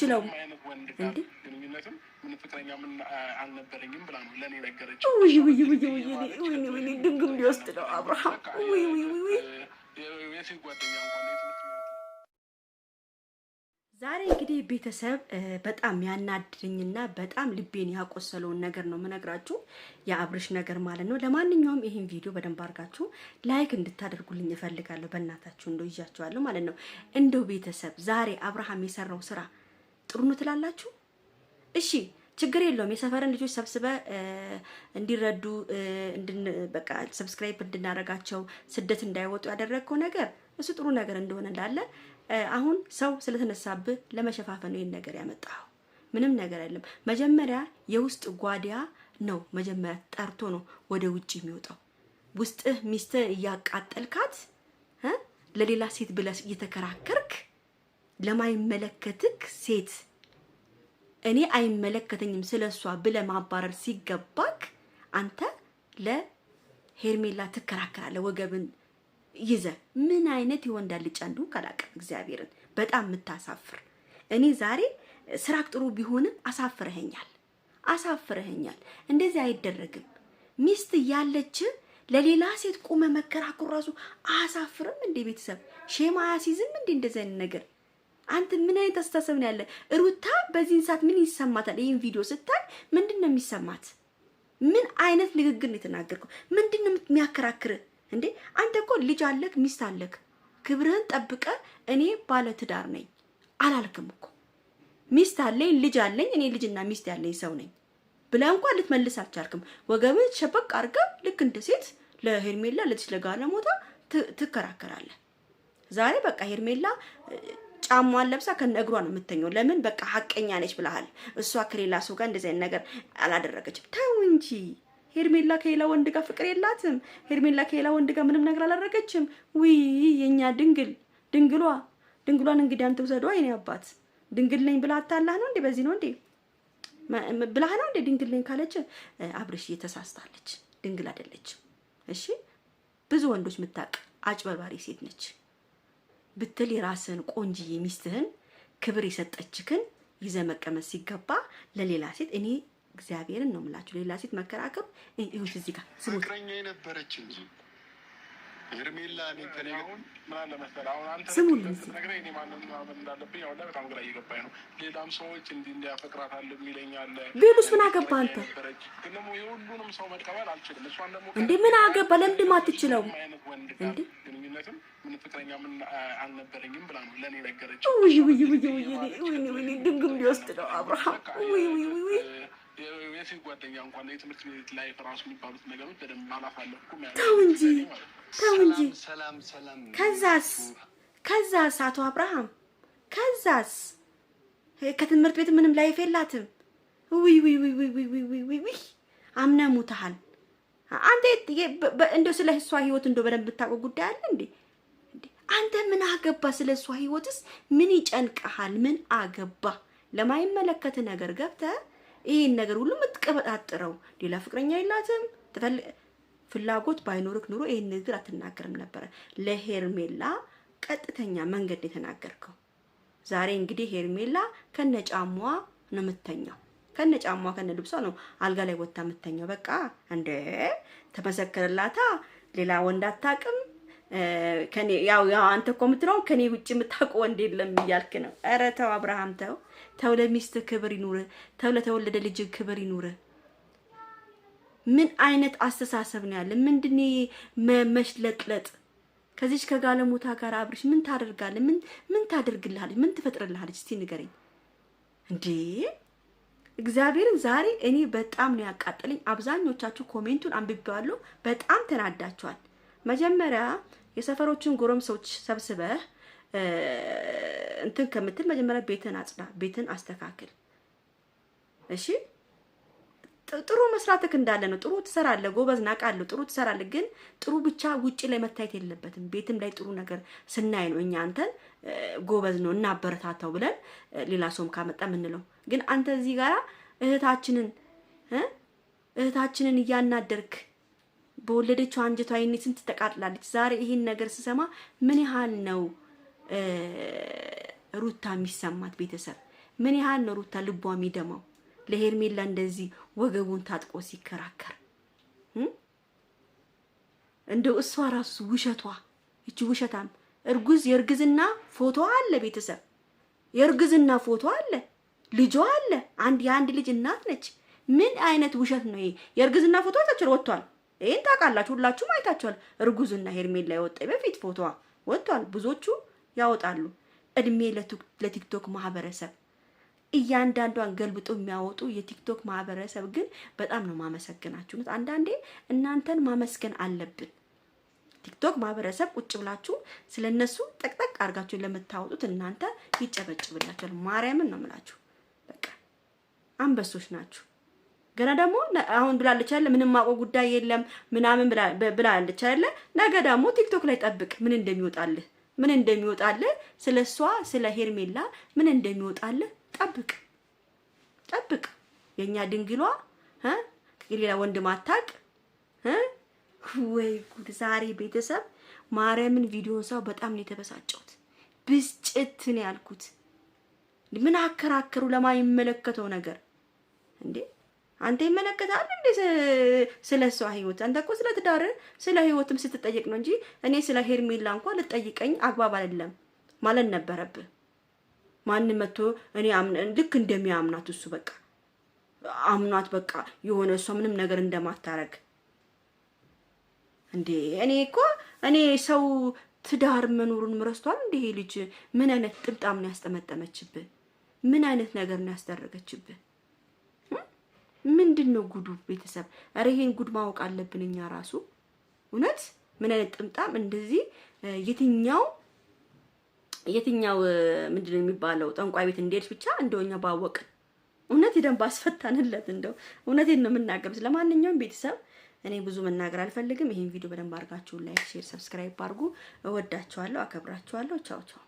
ችለው እንዴ ውይ ሊወስድ ነው አብርሃም። ዛሬ እንግዲህ ቤተሰብ በጣም ያናድድኝና በጣም ልቤን ያቆሰለውን ነገር ነው የምነግራችሁ፣ የአብርሽ ነገር ማለት ነው። ለማንኛውም ይህን ቪዲዮ በደንብ አድርጋችሁ ላይክ እንድታደርጉልኝ እፈልጋለሁ። በእናታችሁ እንደው ይዣችኋለሁ ማለት ነው። እንደው ቤተሰብ ዛሬ አብርሃም የሰራው ስራ ጥሩ ነው ትላላችሁ? እሺ ችግር የለውም። የሰፈርን ልጆች ሰብስበ እንዲረዱ በቃ ሰብስክራይብ እንድናረጋቸው ስደት እንዳይወጡ ያደረግከው ነገር እሱ ጥሩ ነገር እንደሆነ እንዳለ አሁን ሰው ስለተነሳብህ ለመሸፋፈን ነው ይህን ነገር ያመጣው። ምንም ነገር አይደለም። መጀመሪያ የውስጥ ጓዲያ ነው መጀመሪያ ጠርቶ ነው ወደ ውጭ የሚወጣው። ውስጥህ ሚስትህ እያቃጠልካት ለሌላ ሴት ብለህ እየተከራከር ለማይመለከትክ ሴት እኔ አይመለከተኝም ስለሷ ብለ ማባረር ሲገባክ አንተ ለሄርሜላ ትከራከራለ ወገብን ይዘ ምን አይነት የወንዳ ልጫ እንደሆን ካላቀም እግዚአብሔርን በጣም የምታሳፍር እኔ ዛሬ ስራክ ጥሩ ቢሆንም አሳፍረኸኛል አሳፍረኸኛል እንደዚህ አይደረግም ሚስት ያለች ለሌላ ሴት ቁመ መከራከሩ ራሱ አያሳፍርም እንዴ ቤተሰብ ሼማ አያሲዝም እንዴ እንደዚህ አይነት ነገር አንተ ምን አይነት አስተሳሰብ ነው ያለ? ሩታ በዚህን ሰዓት ምን ይሰማታል? ይህን ቪዲዮ ስታይ ምንድን ነው የሚሰማት? ምን አይነት ንግግር ነው የተናገርከው? ምንድን ነው የሚያከራክር እንዴ? አንተ እኮ ልጅ አለክ፣ ሚስት አለክ፣ ክብርህን ጠብቀ እኔ ባለ ትዳር ነኝ አላልክም እኮ ሚስት አለኝ፣ ልጅ አለኝ፣ እኔ ልጅና ሚስት ያለኝ ሰው ነኝ ብለህ እንኳን ልትመልስ አልቻልክም። ወገብህ ሸበቅ አድርገህ ልክ እንደ ሴት ለሄርሜላ ለዚህ ለጋለሞታ ትከራከራለህ። ዛሬ በቃ ሄርሜላ ጫማዋን ለብሳ ከነ እግሯ ነው የምተኘው። ለምን በቃ ሀቀኛ ነች ብለሃል። እሷ ከሌላ ሰው ጋር እንደዚህ ነገር አላደረገችም። ተው እንጂ ሄርሜላ ከሌላ ወንድ ጋር ፍቅር የላትም። ሄርሜላ ከሌላ ወንድ ጋር ምንም ነገር አላደረገችም። ውይ የእኛ ድንግል ድንግሏ ድንግሏን እንግዲህ አንተ ውሰዷ። የኔ አባት ድንግል ነኝ ብላ አታላህ ነው እንዴ? በዚህ ነው እንዴ ብላህ ነው እንዴ? ድንግል ነኝ ካለች አብርሽ እየተሳስታለች። ድንግል አይደለችም። እሺ ብዙ ወንዶች የምታውቅ አጭበርባሪ ሴት ነች። ብትል የራስህን ቆንጅዬ ሚስትህን ክብር የሰጠችክን ይዘህ መቀመጥ ሲገባ ለሌላ ሴት እኔ እግዚአብሔርን ነው የምላችሁ። ሌላ ሴት መከራከብ ይሁን እዚህ ጋር ስሙት ፍቅረኛ የነበረች እንጂ ስሙን ሌላም ሰዎች እንዲህ እንዲህ የሚለኝ አለ። ቢሉስ ምን አገባ አንተ እንዴ? ምን አገባ? ለምንድን ማትችለው እንዴ? ውይ ውይ ውይ ውይ! ሊወስድ ነው አብርሃም። ውይ ውይ ውይ! የሴት ጓደኛ እንኳን የትምህርት ቤት ላይ ራሱ የሚባሉት ነገሮች በደንብ አላሳለፍኩም። ተው እንጂ ተው እንጂ። ከዛስ ከዛስ አቶ አብርሃም ከዛስ ከትምህርት ቤት ምንም ላይፍ የላትም። ውይ ውይ ውይ ውይ ውይ ውይ ውይ ውይ አምነ ሙተሃል። አንተ እንደው ስለ እሷ ህይወት እንደው በደንብ ብታውቀው ጉዳይ አለ እንዴ? አንተ ምን አገባ? ስለ እሷ ህይወትስ ምን ይጨንቀሃል? ምን አገባ? ለማይመለከት ነገር ገብተህ ይሄን ነገር ሁሉ የምትቀበጣጥረው ሌላ ፍቅረኛ የላትም ፍላጎት ባይኖርክ ኑሮ ይህን ንግግር አትናገርም ነበረ። ለሄርሜላ ቀጥተኛ መንገድ የተናገርከው። ዛሬ እንግዲህ ሄርሜላ ከነጫሟ ነው የምተኛው፣ ከነጫሟ ከነ ልብሷ ነው አልጋ ላይ ወታ የምተኛው። በቃ እንደ ተመሰከረላታ ሌላ ወንድ አታውቅም። ከኔ ያው ያው አንተ እኮ የምትለው ከኔ ውጭ የምታውቀው ወንድ የለም እያልክ ነው። ኧረ ተው አብርሃም ተው ተው፣ ለሚስት ክብር ይኑር። ተው ለተወለደ ልጅ ክብር ይኑር። ምን አይነት አስተሳሰብ ነው ያለ? ምንድን መሽለጥለጥ? ከዚች ከጋለሞታ ጋር አብርሽ ምን ታደርጋለ? ምን ምን ታደርግልሃለች? ምን ትፈጥርልሃለች? እስቲ ንገረኝ እንዴ! እግዚአብሔርን ዛሬ እኔ በጣም ነው ያቃጠለኝ። አብዛኞቻችሁ ኮሜንቱን አንብቤዋለሁ። በጣም ተናዳችኋል። መጀመሪያ የሰፈሮችን ጎረምሶች ሰብስበህ እንትን ከምትል መጀመሪያ ቤትን አጽዳ፣ ቤትን አስተካክል። እሺ ጥሩ መስራትክ እንዳለ ነው። ጥሩ ትሰራለ፣ ጎበዝ ናቃለሁ። ጥሩ ትሰራለ፣ ግን ጥሩ ብቻ ውጭ ላይ መታየት የለበትም። ቤትም ላይ ጥሩ ነገር ስናይ ነው እኛ አንተን ጎበዝ ነው እናበረታታው ብለን ሌላ ሰውም ካመጣ ምንለው። ግን አንተ እዚህ ጋራ እህታችንን እህታችንን እያናደርክ በወለደችው አንጀቷ ይህኔ ስንት ተቃጥላለች። ዛሬ ይህን ነገር ስሰማ ምን ያህል ነው ሩታ የሚሰማት ቤተሰብ ምን ያህል ነው ሩታ ልቧ የሚደማው? ለሄርሜላ እንደዚህ ወገቡን ታጥቆ ሲከራከር እንደው እሷ ራሱ ውሸቷ እቺ ውሸታም እርጉዝ የእርግዝና ፎቶ አለ፣ ቤተሰብ የእርግዝና ፎቶ አለ፣ ልጇ አለ። አንድ የአንድ ልጅ እናት ነች። ምን አይነት ውሸት ነው ይሄ? የእርግዝና ፎቶ ታችር ወጥቷል። ይሄን ታውቃላችሁ፣ ሁላችሁም አይታችኋል። እርጉዝና ሄርሜላ የወጣ በፊት ፎቶዋ ወጥቷል። ብዙዎቹ ያወጣሉ። እድሜ ለቲክቶክ ማህበረሰብ እያንዳንዷን ገልብጦ የሚያወጡ የቲክቶክ ማህበረሰብ ግን በጣም ነው ማመሰግናችሁ። አንዳንዴ እናንተን ማመስገን አለብን። ቲክቶክ ማህበረሰብ ቁጭ ብላችሁ ስለነሱ ጠቅጠቅ አድርጋችሁ ለምታወጡት እናንተ ይጨበጭብላችኋል። ማርያምን ነው የምላችሁ። በቃ አንበሶች ናችሁ። ገና ደግሞ አሁን ብላለች አይደለ? ምንም ማቆ ጉዳይ የለም ምናምን ብላለች አይደለ? ነገ ደግሞ ቲክቶክ ላይ ጠብቅ ምን እንደሚወጣልህ ምን እንደሚወጣልህ፣ ስለ እሷ ስለ ሄርሜላ ምን እንደሚወጣልህ ጠብቅ ጠብቅ። የእኛ ድንግሏ ሌላ ወንድም አታውቅ ወይ ጉድ! ዛሬ ቤተሰብ ማርያምን ቪዲዮን ሰው በጣም ነው የተበሳጨሁት። ብስጭት ነው ያልኩት። ምን አከራከሩ ለማይመለከተው ነገር እንዴ? አንተ ይመለከታል እንዴ? ስለ እሷ ህይወት አንተ እኮ ስለ ትዳር ስለ ህይወትም ስትጠየቅ ነው እንጂ እኔ ስለ ሄርሜላ እንኳን ልጠይቀኝ አግባብ አይደለም ማለት ነበረብህ። ማንም መጥቶ እኔ ልክ እንደሚያምናት እሱ በቃ አምኗት በቃ የሆነ እሷ ምንም ነገር እንደማታረግ እንዴ እኔ እኮ እኔ ሰው ትዳር መኖሩን ምረስቷል እንዴ ይሄ ልጅ ምን አይነት ጥምጣም ነው ያስጠመጠመችብህ? ምን አይነት ነገር ነው ያስደረገችብህ? ምንድን ነው ጉዱ? ቤተሰብ ኧረ ይሄን ጉድ ማወቅ አለብን እኛ ራሱ እውነት ምን አይነት ጥምጣም እንደዚህ የትኛው የትኛው ምንድነው የሚባለው ጠንቋይ ቤት እንደሄድሽ ብቻ እንደኛ ባወቅ እውነት ደንብ አስፈታንለት። እንደው እውነቴን ነው የምናገሩት። ለማንኛውም ቤተሰብ እኔ ብዙ መናገር አልፈልግም። ይሄን ቪዲዮ በደንብ አድርጋችሁ ላይክ፣ ሼር፣ ሰብስክራይብ አድርጉ። እወዳችኋለሁ፣ አከብራችኋለሁ። ቻው ቻው።